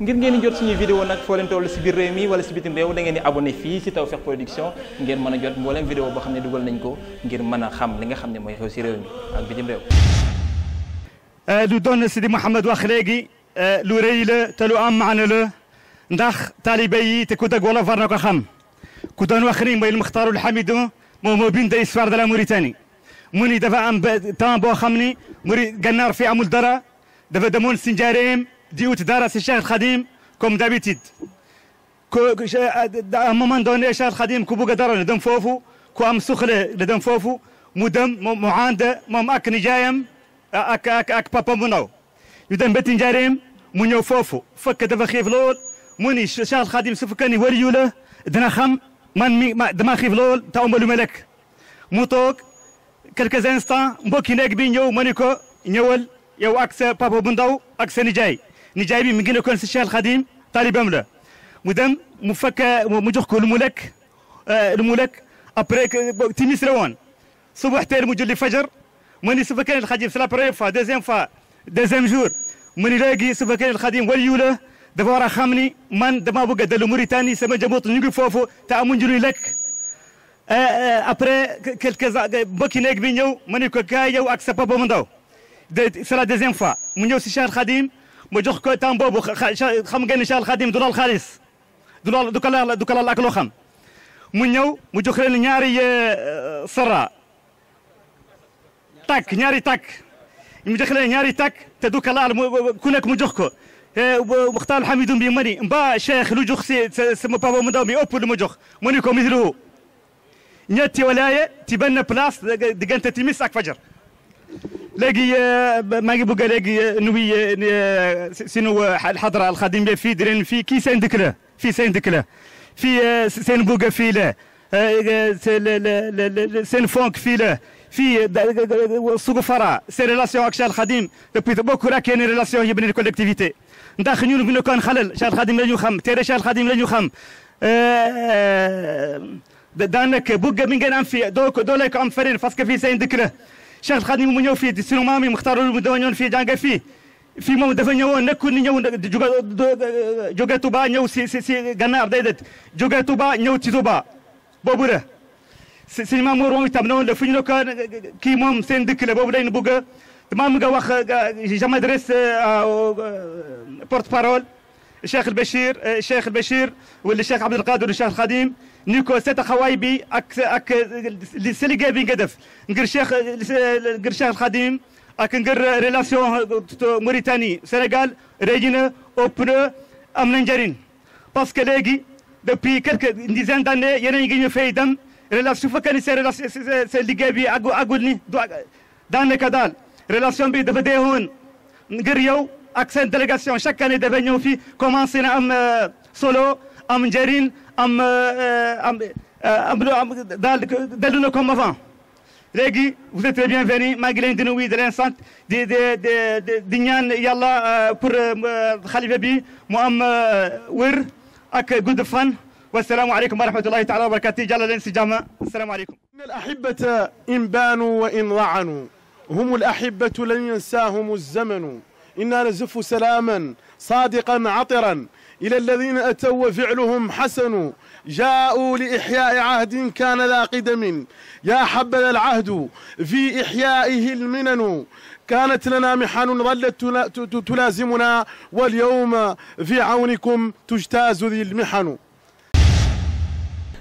ngir ngeen di jot suñuy vidéo nag foo leen toll si biir réew mi wala si bitim réew da ngeen di abonné Production ngeen mën a jot mbooleem vidéo boo xam ne dugal nañ ko ngir mën xam li nga xam ne mooy xew si réew eh, wax léegi eh, lu rëy la te lu am maana la ndax taalibe yi te ku dëgg wala war na ko xam ku doon wax ni mooy Muxtaarul Hamidou moom moo bind histoire de la Mauritanie mu ni dafa am temps boo xam ni muri ganaar fi amul dara dafa demoon si njaareem dit Dara, c'est Cheikh Khadim, comme d'habitude. À un moment donné, Cheikh Khadim, Dara, le dem fofu, Kouam Soukhle, le dem fofu, Moudem, Mouhande, Moum Ak Nijayem, Ak Ak Ak Papa Mounaw. Yu dem Betin Jarim, Mounio fofu, Fak dafa xiif lool, Mouni, Cheikh Khadim, su fekkee ni waliyu la, dina xam, man mi dama xiif lool, te ombalu ma lekk. Mu toog quelques instants mbokki nekk bi ñëw ma ni ko ñëwal yow ak sa papa bu ndaw ak sa nijaay nijaay bi mi ngi nekkoon si Cheikh al Xadim taalibam la mu dem mu fekk mu jox ko lu mu lekk eh, lu mu lekk après timis la woon subax teel mu julli fajar mu ni su fekkee ne Xadim c'est la première fois deuxième fois deuxième jour mu ni léegi su fekkee ne Xadim waliyu la dafa war a xam ni man damaa bëgg a dellu Mauritanie sama njaboot ñu ngi foofu te amuñu lu lekk eh, eh, après quelques mbokki néeg bi ñëw mu ni ko kaay yow ak sa papa mu ndaw de la deuxième fois mu ñëw si Cheikh Xadim ma jox ko temps boobu xam ngeen ne Cheikh Al Khadim du laal xaalis du laal du ko du ko laal ak loo mu ñëw mu jox leen ñaari euh, sara takk ñaari takk mu jox leen ñaari takk te du ko laal ku nekk mu jox ko waxtaan eh, Hamidou bi ma ni mbaa Cheikh lu jox si sama papa mu ndaw mi ëpp lu ma jox ma ni ko mislihu ñetti walaaye ci benn place diggante timis ak fajar léegi euh, maa ngi bëgg a léegi euh, nuyu euh, sunu xadra alxadim bi fii di leen fii kii seen dëkk la fii seen dëkk la fii seen bëgg fii seen fonk fii la fii sugu fara seen relation ak Cheikh Khadim depuis ak yenn relation yi beneen collectivité ndax ñun bu nekkoon xalal Cheikh Khadim la ñu xam téere Cheikh Khadim la ñu xam daanaka bëgg mi ngeen am fii doo doo lay ko parce que fii seen dëkk la Cheikh Khadim mu ñëw fii di sunu maam yi muxtaarul mu dafa ñëwoon fii jànge fii fii moom dafa ñëwoon nekkul ni ñëw jóge jóge Touba ñëw si si si Gànnaar déedéet jóge Touba ñëw ci Touba boobu la si si maam moom itam noonu la fu ñu ne ko kii moom seen dëkk la boobu dañu bëgg maam nga wax j'aimerais euh, euh, porte parole الشيخ البشير الشيخ البشير والشيخ عبد القادر والشيخ الخديم نيكو سيتا خوايبي اك اك سيلي جابين قدف نقر الشيخ نقر الشيخ الخديم اك نقر ريلاسيون موريتاني سنغال ريجينا اوبن امنجرين باسكو ليغي depuis quelques dizaines d'années yéen a ngi ñu fay dem relation fekkee ni seen seen liggéey bi àggu àggul ni daanaka daal relation bi dafa dee woon ngir yow ak seen délégation chaque année dafay ñëw fii commencé na am euh, solo am njëriñ am euh, euh, am am daal dellu na comme avant léegi vous êtes très bienvenus maa ngi leen di nuyu di leen sant di di di ñaan yàlla pour xalifa bi mu am wér ak gudd fan والسلام عليكم ورحمة الله تعالى وبركاته جل لنا سجامة السلام عليكم إن الأحبة إن بانوا وإن ضعنوا هم الأحبة لن ينساهم الزمن إنا نزف سلاما صادقا عطرا إلى الذين أتوا وفعلهم حسن جاءوا لإحياء عهد كان ذا قدم يا حبذا العهد في إحيائه المنن كانت لنا محن ظلت تلازمنا واليوم في عونكم تجتاز ذي المحن